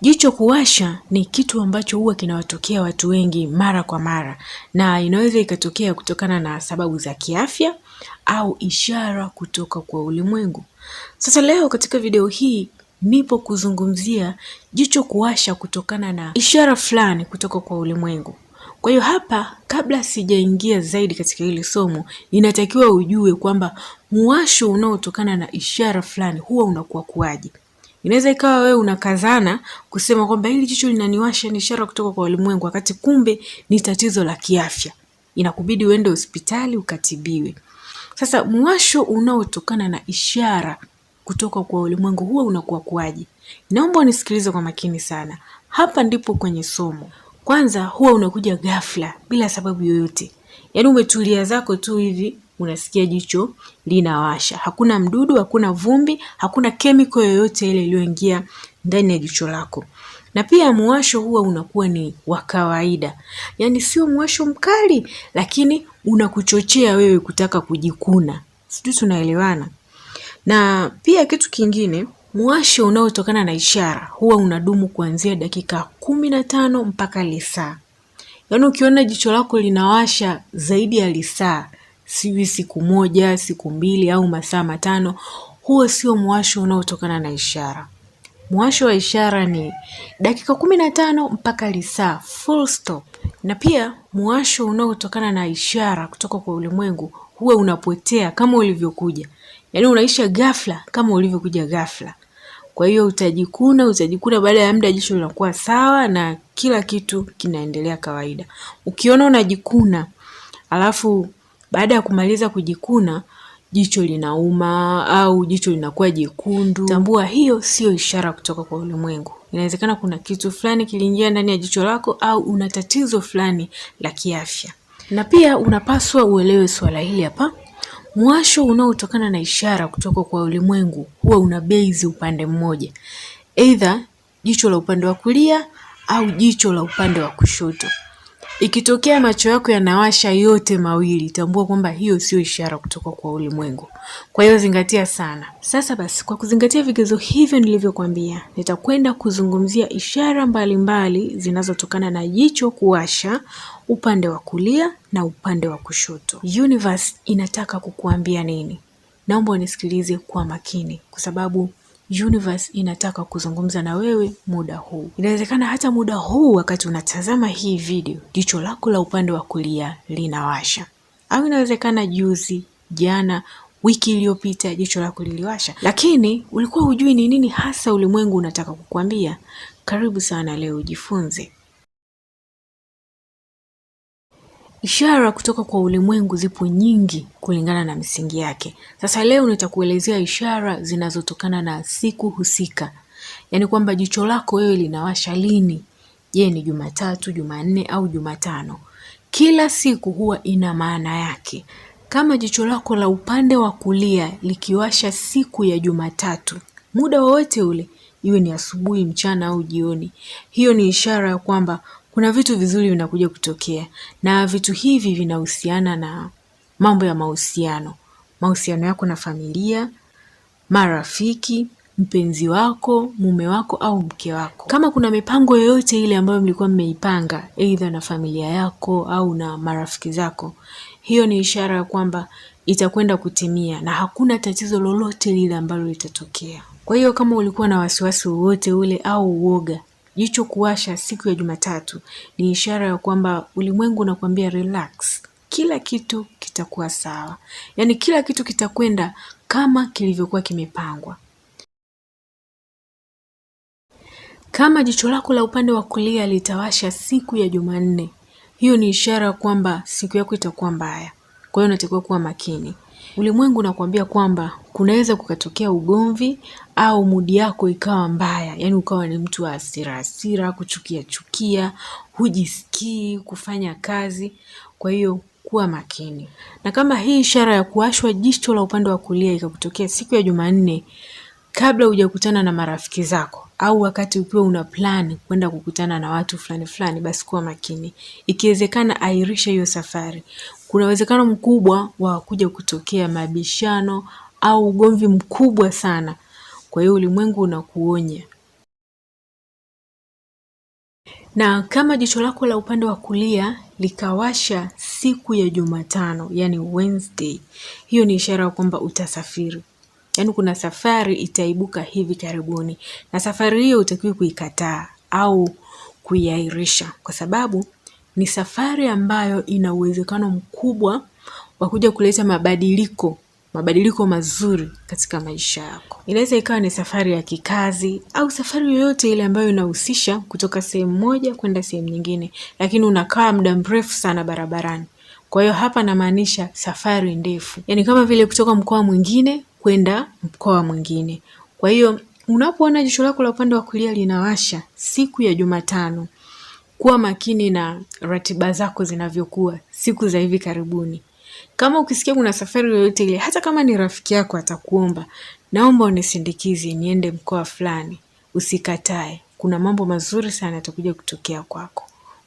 Jicho kuwasha ni kitu ambacho huwa kinawatokea watu wengi mara kwa mara, na inaweza ikatokea kutokana na sababu za kiafya au ishara kutoka kwa ulimwengu. Sasa leo katika video hii nipo kuzungumzia jicho kuwasha kutokana na ishara fulani kutoka kwa ulimwengu. Kwa hiyo hapa, kabla sijaingia zaidi katika hili somo, inatakiwa ujue kwamba muwasho unaotokana na ishara fulani huwa unakuwa kuwaje. Inaweza ikawa wewe unakazana kusema kwamba hili jicho linaniwasha, ni ishara kutoka kwa ulimwengu, wakati kumbe ni tatizo la kiafya, inakubidi uende hospitali ukatibiwe. Sasa mwasho unaotokana na ishara kutoka kwa ulimwengu huo unakuwa kuaje? Naomba unisikilize kwa makini sana, hapa ndipo kwenye somo. Kwanza huwa unakuja ghafla bila sababu yoyote, yaani umetulia zako tu hivi unasikia jicho linawasha. Hakuna mdudu, hakuna vumbi, hakuna kemiko yoyote ile iliyoingia ndani ya jicho lako. Na pia muwasho huwa unakuwa ni wa kawaida, yaani sio mwasho mkali, lakini unakuchochea wewe kutaka kujikuna. Sijui tunaelewana? Na pia kitu kingine mwasho unaotokana na ishara huwa unadumu kuanzia dakika kumi na tano mpaka lisaa. Yaani ukiona jicho lako linawasha zaidi ya lisaa, sijui siku moja, siku mbili au masaa matano, huo sio mwasho unaotokana na ishara. Mwasho wa ishara ni dakika kumi na tano mpaka lisaa full stop. Na pia mwasho unaotokana na ishara kutoka kwa ulimwengu huwa unapotea kama ulivyokuja, yaani unaisha ghafla kama ulivyokuja ghafla. Kwa hiyo utajikuna utajikuna, baada ya muda jicho linakuwa sawa na kila kitu kinaendelea kawaida. Ukiona unajikuna alafu baada ya kumaliza kujikuna, jicho linauma au jicho linakuwa jekundu, tambua hiyo sio ishara kutoka kwa ulimwengu. Inawezekana kuna kitu fulani kiliingia ndani ya jicho lako au una tatizo fulani la kiafya. Na pia unapaswa uelewe swala hili hapa Mwasho unaotokana na ishara kutoka kwa ulimwengu huwa una base upande mmoja, eidha jicho la upande wa kulia au jicho la upande wa kushoto. Ikitokea macho yako yanawasha yote mawili, tambua kwamba hiyo sio ishara kutoka kwa ulimwengu. Kwa hiyo zingatia sana. Sasa basi, kwa kuzingatia vigezo hivyo nilivyokuambia, nitakwenda kuzungumzia ishara mbalimbali zinazotokana na jicho kuwasha upande wa kulia na upande wa kushoto. Universe inataka kukuambia nini? Naomba unisikilize kwa makini, kwa sababu universe inataka kuzungumza na wewe muda huu. Inawezekana hata muda huu wakati unatazama hii video jicho lako la upande wa kulia linawasha, au inawezekana juzi, jana, wiki iliyopita jicho lako liliwasha, lakini ulikuwa hujui ni nini hasa ulimwengu unataka kukuambia. Karibu sana, leo ujifunze. Ishara kutoka kwa ulimwengu zipo nyingi kulingana na misingi yake. Sasa leo nitakuelezea ishara zinazotokana na siku husika, yaani kwamba jicho lako wewe linawasha lini. Je, ni Jumatatu, Jumanne au Jumatano? Kila siku huwa ina maana yake. Kama jicho lako la upande wa kulia likiwasha siku ya Jumatatu, muda wowote ule, iwe ni asubuhi, mchana au jioni, hiyo ni ishara ya kwamba kuna vitu vizuri vinakuja kutokea, na vitu hivi vinahusiana na mambo ya mahusiano, mahusiano yako na familia, marafiki, mpenzi wako, mume wako au mke wako. Kama kuna mipango yoyote ile ambayo mlikuwa mmeipanga eidha na familia yako au na marafiki zako, hiyo ni ishara ya kwamba itakwenda kutimia na hakuna tatizo lolote lile ambalo litatokea. Kwa hiyo kama ulikuwa na wasiwasi wowote ule au uoga Jicho kuwasha siku ya Jumatatu ni ishara ya kwamba ulimwengu unakuambia relax, kila kitu kitakuwa sawa, yaani kila kitu kitakwenda kama kilivyokuwa kimepangwa. Kama jicho lako la upande wa kulia litawasha siku ya Jumanne, hiyo ni ishara kwamba siku yako itakuwa mbaya. Kwa hiyo unatakiwa kuwa makini ulimwengu unakuambia kwamba kunaweza kukatokea ugomvi au mudi yako ikawa mbaya, yaani ukawa ni mtu wa asira asira kuchukia chukia, hujisikii kufanya kazi. Kwa hiyo kuwa makini, na kama hii ishara ya kuashwa jicho la upande wa kulia ikakutokea siku ya Jumanne kabla hujakutana na marafiki zako au wakati ukiwa una plan kwenda kukutana na watu fulani fulani, basi kuwa makini. Ikiwezekana airisha hiyo safari kuna uwezekano mkubwa wa kuja kutokea mabishano au ugomvi mkubwa sana. Kwa hiyo ulimwengu unakuonya. Na kama jicho lako la upande wa kulia likawasha siku ya Jumatano, yani Wednesday, hiyo ni ishara ya kwamba utasafiri. Yaani kuna safari itaibuka hivi karibuni, na safari hiyo utakiwa kuikataa au kuiahirisha, kwa sababu ni safari ambayo ina uwezekano mkubwa wa kuja kuleta mabadiliko mabadiliko mazuri katika maisha yako. Inaweza ikawa ni safari ya kikazi au safari yoyote ile ambayo inahusisha kutoka sehemu moja kwenda sehemu nyingine, lakini unakaa muda mrefu sana barabarani. Kwa hiyo hapa namaanisha safari ndefu, yaani kama vile kutoka mkoa mwingine kwenda mkoa mwingine. Kwa hiyo unapoona jicho lako la upande wa kulia linawasha siku ya Jumatano, kuwa makini na ratiba zako zinavyokuwa siku za hivi karibuni. Kama ukisikia kuna safari yoyote ile, hata kama ni rafiki yako atakuomba, naomba unisindikize niende mkoa fulani, usikatae. Kuna mambo mazuri sana yatakuja kutokea kwako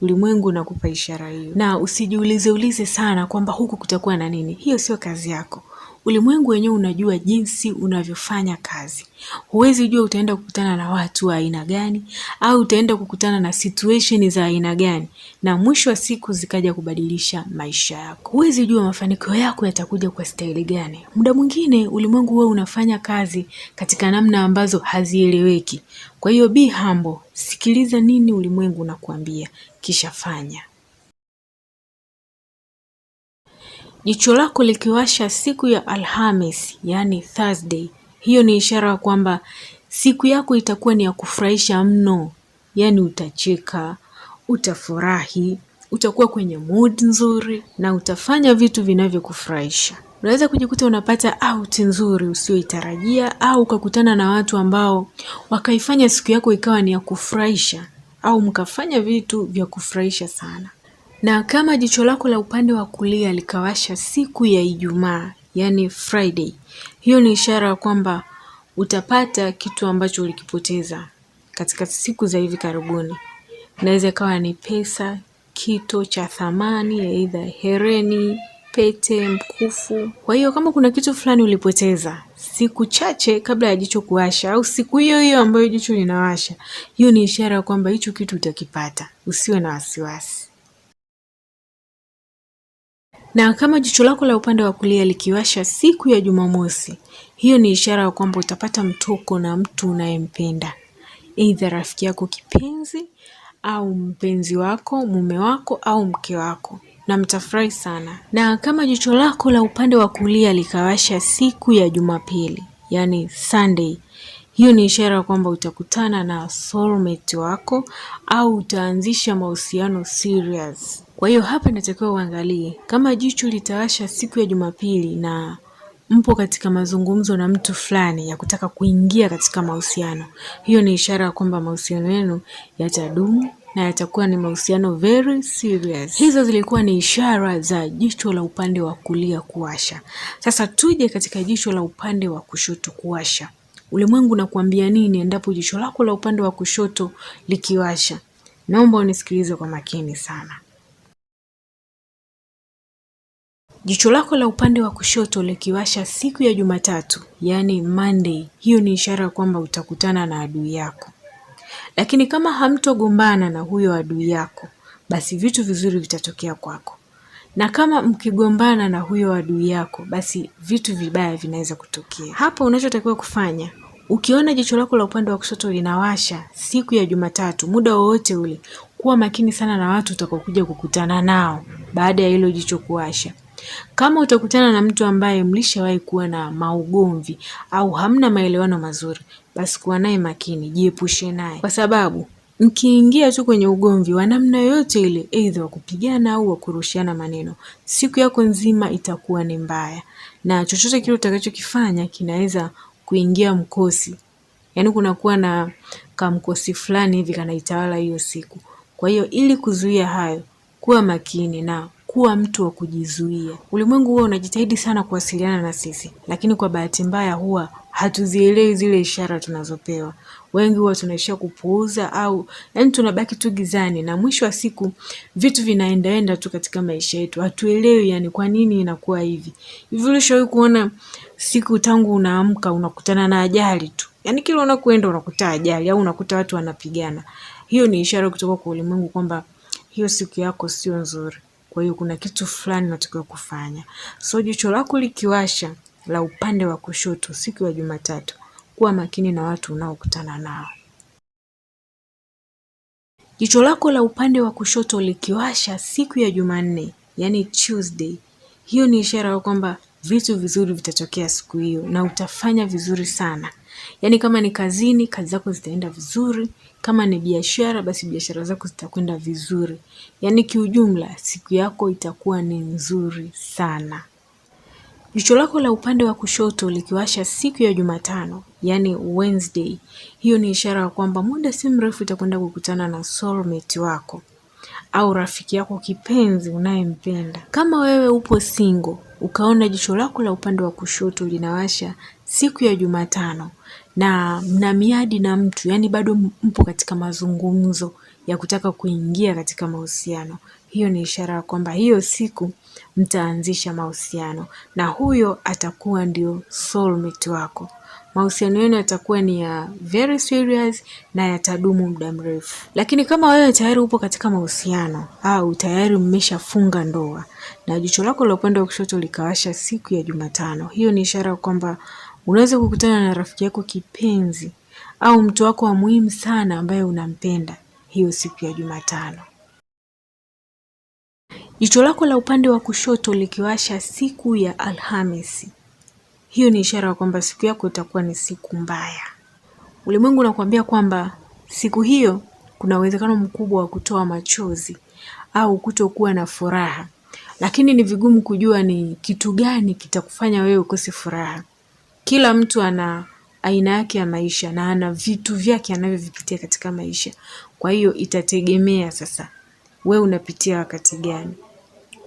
ulimwengu unakupa ishara hiyo, na usijiulize ulize sana kwamba huku kutakuwa na nini. Hiyo sio kazi yako. Ulimwengu wenyewe unajua jinsi unavyofanya kazi. Huwezi jua utaenda kukutana na watu wa aina gani, au utaenda kukutana na situation za aina gani, na mwisho wa siku zikaja kubadilisha maisha yako. Huwezi jua mafanikio yako yatakuja kwa staili gani. Muda mwingine ulimwengu huwa unafanya kazi katika namna ambazo hazieleweki. Kwa hiyo be hambo sikiliza nini ulimwengu unakuambia, kisha fanya. Jicho lako likiwasha siku ya Alhamis, yaani Thursday, hiyo ni ishara ya kwamba siku yako itakuwa ni ya kufurahisha mno, yaani utacheka, utafurahi, utakuwa kwenye mood nzuri na utafanya vitu vinavyokufurahisha. Unaweza kujikuta unapata out nzuri usioitarajia au ukakutana na watu ambao wakaifanya siku yako ikawa ni ya kufurahisha au mkafanya vitu vya kufurahisha sana. Na kama jicho lako la upande wa kulia likawasha siku ya Ijumaa, yani Friday, hiyo ni ishara ya kwamba utapata kitu ambacho ulikipoteza katika siku za hivi karibuni. Inaweza ikawa ni pesa, kito cha thamani, aidha hereni pete, mkufu. Kwa hiyo kama kuna kitu fulani ulipoteza siku chache kabla ya jicho kuwasha au siku hiyo hiyo ambayo jicho linawasha, hiyo ni ishara ya kwamba hicho kitu utakipata. Usiwe na wasiwasi. Na kama jicho lako la upande wa kulia likiwasha siku ya Jumamosi, hiyo ni ishara ya kwamba utapata mtoko na mtu unayempenda, aidha rafiki yako kipenzi au mpenzi wako, mume wako au mke wako na mtafurahi sana. Na kama jicho lako la upande wa kulia likawasha siku ya Jumapili, yani Sunday, hiyo ni ishara kwamba utakutana na soulmate wako au utaanzisha mahusiano serious. Kwa hiyo hapa inatakiwa uangalie, kama jicho litawasha siku ya Jumapili na mpo katika mazungumzo na mtu fulani ya kutaka kuingia katika mahusiano, hiyo ni ishara ya kwamba mahusiano yenu yatadumu na yatakuwa ni mahusiano very serious. Hizo zilikuwa ni ishara za jicho la upande wa kulia kuwasha. Sasa tuje katika jicho la upande wa kushoto kuwasha. Ulimwengu unakuambia nini endapo jicho lako la upande wa kushoto likiwasha? Naomba unisikilize kwa makini sana. Jicho lako la upande wa kushoto likiwasha siku ya Jumatatu, yaani Monday, hiyo ni ishara ya kwamba utakutana na adui yako. Lakini kama hamtogombana na huyo adui yako, basi vitu vizuri vitatokea kwako, na kama mkigombana na huyo adui yako, basi vitu vibaya vinaweza kutokea. Hapo unachotakiwa kufanya Ukiona jicho lako la upande wa kushoto linawasha siku ya Jumatatu, muda wowote ule, kuwa makini sana na watu utakokuja kukutana nao baada ya hilo jicho kuwasha. Kama utakutana na mtu ambaye mlishawahi kuwa na maugomvi au hamna maelewano mazuri, basi kuwa naye makini, jiepushe naye, kwa sababu mkiingia tu kwenye ugomvi wa namna yoyote ile, aidha wa kupigana au wa kurushiana maneno, siku yako nzima itakuwa ni mbaya, na chochote kile utakachokifanya kinaweza kuingia mkosi, yani kunakuwa na kamkosi fulani hivi kanaitawala hiyo siku. Kwa hiyo ili kuzuia hayo, kuwa makini na kuwa mtu wa kujizuia. Ulimwengu huwa unajitahidi sana kuwasiliana na sisi, lakini kwa bahati mbaya huwa hatuzielewi zile ishara tunazopewa. Wengi huwa tunaishia kupuuza au yani tunabaki tu gizani, na mwisho wa siku vitu vinaendaenda tu katika maisha yetu, hatuelewi yani kwa nini inakuwa hivi hivi. Ulishawahi kuona siku tangu unaamka unakutana na ajali tu, yani kila unakoenda unakuta ajali au unakuta watu wanapigana? Hiyo ni ishara kutoka kwa ulimwengu kwamba hiyo siku yako sio nzuri. Kwa hiyo kuna kitu fulani natakiwa kufanya. So jicho lako likiwasha la upande wa kushoto siku ya Jumatatu, kuwa makini na watu unaokutana nao. Jicho lako la upande wa kushoto likiwasha siku ya Jumanne, yani Tuesday, hiyo ni ishara ya kwamba vitu vizuri vitatokea siku hiyo na utafanya vizuri sana. Yaani kama ni kazini, kazi zako zitaenda vizuri, kama ni biashara basi biashara zako zitakwenda vizuri. Yaani kiujumla siku yako itakuwa ni nzuri sana. Jicho lako la upande wa kushoto likiwasha siku ya Jumatano, yani Wednesday, hiyo ni ishara ya kwamba muda si mrefu utakwenda kukutana na soulmate wako au rafiki yako kipenzi unayempenda. Kama wewe upo single, ukaona jicho lako la upande wa kushoto linawasha siku ya Jumatano, na mna miadi na mtu, yani bado mpo katika mazungumzo ya kutaka kuingia katika mahusiano, hiyo ni ishara ya kwamba hiyo siku mtaanzisha mahusiano na huyo atakuwa ndio soulmate wako. Mahusiano yenu yatakuwa ni ya very serious na yatadumu muda mrefu. Lakini kama wewe tayari upo katika mahusiano au tayari mmeshafunga ndoa na jicho lako la upande wa kushoto likawasha siku ya Jumatano, hiyo ni ishara kwamba Unaweza kukutana na rafiki yako kipenzi au mtu wako wa muhimu sana ambaye unampenda hiyo siku ya Jumatano. Jicho lako la upande wa kushoto likiwasha siku ya Alhamisi, hiyo ni ishara ya kwamba siku yako itakuwa ni siku mbaya. Ulimwengu unakuambia kwamba siku hiyo kuna uwezekano mkubwa wa kutoa machozi au kutokuwa na furaha, lakini ni vigumu kujua ni kitu gani kitakufanya wewe ukose furaha. Kila mtu ana aina yake ya maisha na ana vitu vyake anavyovipitia katika maisha. Kwa hiyo itategemea sasa we unapitia wakati gani.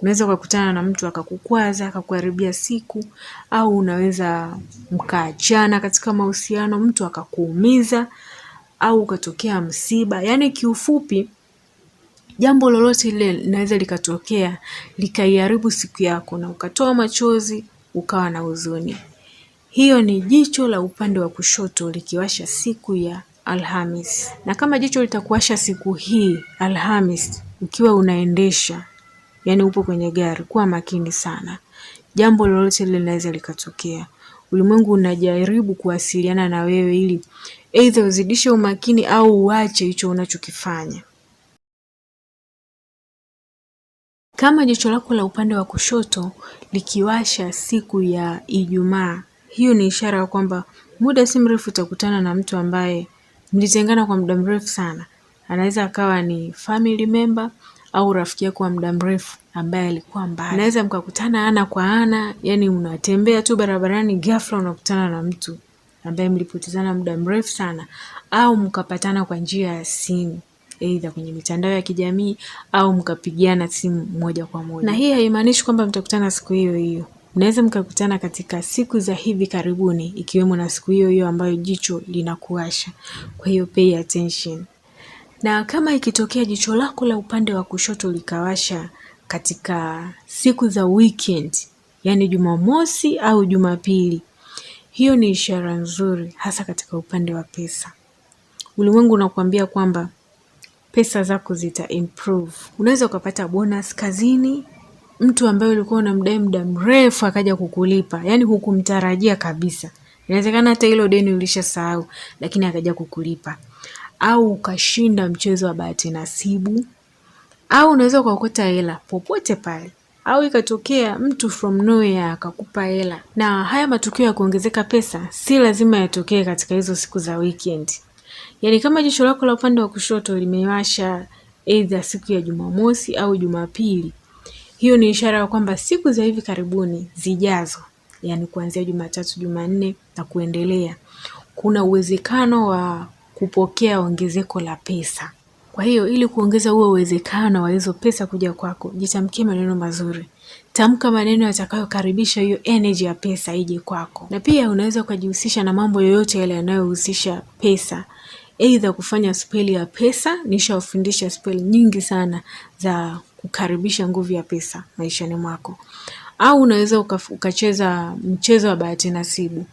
Unaweza ukakutana na mtu akakukwaza akakuharibia siku, au unaweza mkaachana katika mahusiano, mtu akakuumiza au ukatokea msiba. Yaani kiufupi jambo lolote lile linaweza likatokea likaiharibu siku yako na ukatoa machozi ukawa na huzuni. Hiyo ni jicho la upande wa kushoto likiwasha siku ya Alhamis, na kama jicho litakuwasha siku hii Alhamis ukiwa unaendesha, yani upo kwenye gari, kuwa makini sana, jambo lolote linaweza likatokea. Ulimwengu unajaribu kuwasiliana na wewe ili aidha uzidishe umakini au uache hicho unachokifanya. Kama jicho lako la upande wa kushoto likiwasha siku ya Ijumaa hiyo ni ishara ya kwamba muda si mrefu utakutana na mtu ambaye mlitengana kwa muda mrefu sana. Anaweza akawa ni family member au rafiki yako wa muda mrefu ambaye alikuwa mbali. Naweza mkakutana ana kwa ana, yani unatembea tu barabarani ghafla unakutana na mtu ambaye mlipotezana muda mrefu sana au mkapatana kwa njia ya simu aidha kwenye mitandao ya kijamii au mkapigiana simu moja kwa moja. Na hii haimaanishi kwamba mtakutana siku hiyo hiyo. Mnaweza mkakutana katika siku za hivi karibuni, ikiwemo na siku hiyo hiyo ambayo jicho linakuwasha. Kwa hiyo pay attention, na kama ikitokea jicho lako la upande wa kushoto likawasha katika siku za weekend, yani Jumamosi au Jumapili, hiyo ni ishara nzuri, hasa katika upande wa pesa. Ulimwengu unakuambia kwamba pesa zako zita improve. Unaweza ukapata bonus kazini, mtu ambaye ulikuwa unamdai muda mrefu akaja kukulipa, yani hukumtarajia kabisa. Inawezekana hata hilo deni ulishasahau, lakini akaja kukulipa, au ukashinda mchezo wa bahati nasibu, au unaweza ukaokota hela popote pale, au ikatokea mtu from nowhere akakupa hela. Na haya matukio ya kuongezeka pesa si lazima yatokee katika hizo siku za weekend. Yaani kama jicho lako la upande wa kushoto limewasha eidha siku ya Jumamosi au Jumapili, hiyo ni ishara ya kwamba siku za hivi karibuni zijazo, yani kuanzia Jumatatu, Jumanne na kuendelea, kuna uwezekano wa kupokea ongezeko la pesa. Kwa hiyo ili kuongeza huo uwezekano wa hizo pesa kuja kwako, jitamkie maneno mazuri. Tamka maneno yatakayokaribisha hiyo energy ya pesa ije kwako. Na pia unaweza ukajihusisha na mambo yoyote yale yanayohusisha pesa, aidha kufanya speli ya pesa. Nishawafundisha speli nyingi sana za kukaribisha nguvu ya pesa maishani mwako. Au unaweza ukacheza mchezo wa bahati nasibu.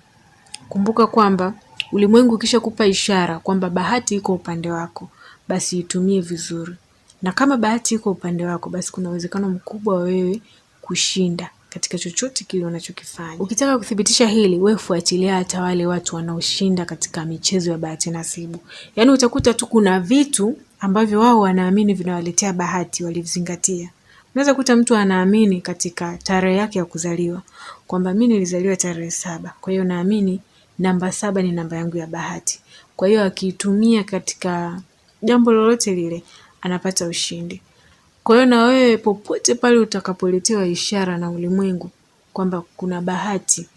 Kumbuka kwamba ulimwengu kupa ishara kwamba bahati iko upande wako, basi itumie vizuri. Na kama bahati iko upande wako, basi kuna uwezekano mkubwa wa wewe kushinda katika chochote kile unachokifanya. Ukitaka kuthibitisha hili, we fuatilia hata wale watu wanaoshinda katika michezo ya bahati nasibu. Yaani utakuta tu kuna vitu ambavyo wao wanaamini vinawaletea bahati walizingatia Unaweza kuta mtu anaamini katika tarehe yake ya kuzaliwa kwamba mi nilizaliwa tarehe saba, kwa hiyo naamini namba saba ni namba yangu ya bahati. Kwa hiyo akiitumia katika jambo lolote lile anapata ushindi. Kwa hiyo na wewe popote pale utakapoletewa ishara na ulimwengu kwamba kuna bahati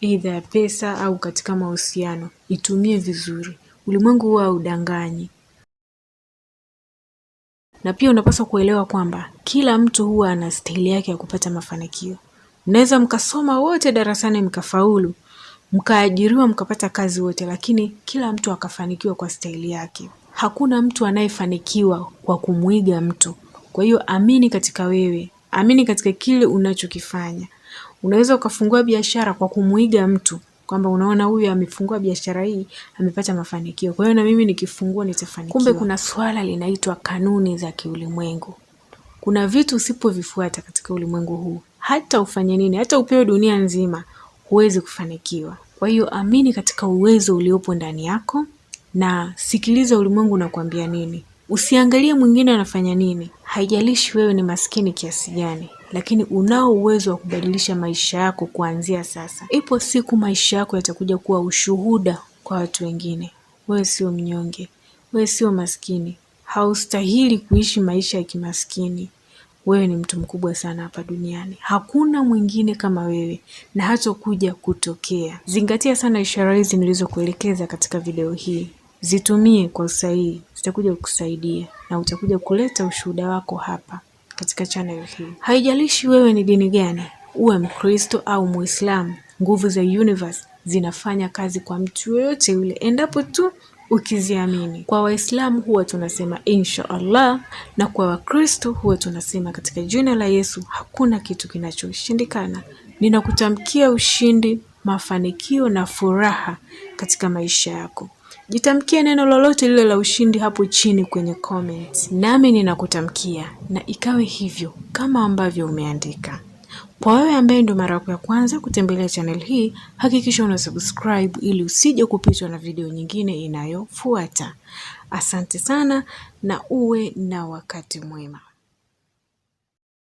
idha ya pesa au katika mahusiano, itumie vizuri. Ulimwengu huwa udanganyi na pia unapaswa kuelewa kwamba kila mtu huwa ana stahili yake ya kupata mafanikio. Mnaweza mkasoma wote darasani mkafaulu, mkaajiriwa mkapata kazi wote, lakini kila mtu akafanikiwa kwa stahili yake. Hakuna mtu anayefanikiwa kwa kumwiga mtu. Kwa hiyo amini katika wewe, amini katika kile unachokifanya. Unaweza ukafungua biashara kwa kumwiga mtu, kwamba unaona huyu amefungua biashara hii amepata mafanikio, kwa hiyo na mimi nikifungua nitafanikiwa. Kumbe kuna swala linaitwa kanuni za kiulimwengu. Kuna vitu usipovifuata katika ulimwengu huu, hata ufanye nini, hata upewe dunia nzima, huwezi kufanikiwa. Kwa hiyo amini katika uwezo uliopo ndani yako na sikiliza ulimwengu unakuambia nini. Usiangalie mwingine anafanya nini, haijalishi wewe ni maskini kiasi gani lakini unao uwezo wa kubadilisha maisha yako kuanzia sasa. Ipo siku maisha yako yatakuja kuwa ushuhuda kwa watu wengine. Wewe sio mnyonge, wewe sio maskini, haustahili kuishi maisha ya kimaskini. Wewe ni mtu mkubwa sana hapa duniani, hakuna mwingine kama wewe na hata kuja kutokea. Zingatia sana ishara hizi nilizokuelekeza katika video hii, zitumie kwa usahihi, zitakuja kukusaidia na utakuja kuleta ushuhuda wako hapa katika channel hii. Haijalishi wewe ni dini gani, uwe Mkristo au Muislamu, nguvu za universe zinafanya kazi kwa mtu yoyote yule endapo tu ukiziamini. Kwa Waislamu huwa tunasema insha Allah, na kwa Wakristo huwa tunasema katika jina la Yesu, hakuna kitu kinachoshindikana. Ninakutamkia ushindi, mafanikio na furaha katika maisha yako. Jitamkie neno lolote lile la ushindi hapo chini kwenye comment, nami ninakutamkia na ikawe hivyo kama ambavyo umeandika. Kwa wewe ambaye ndio mara yako ya kwanza kutembelea channel hii, hakikisha una subscribe ili usije kupitwa na video nyingine inayofuata. Asante sana na uwe na wakati mwema.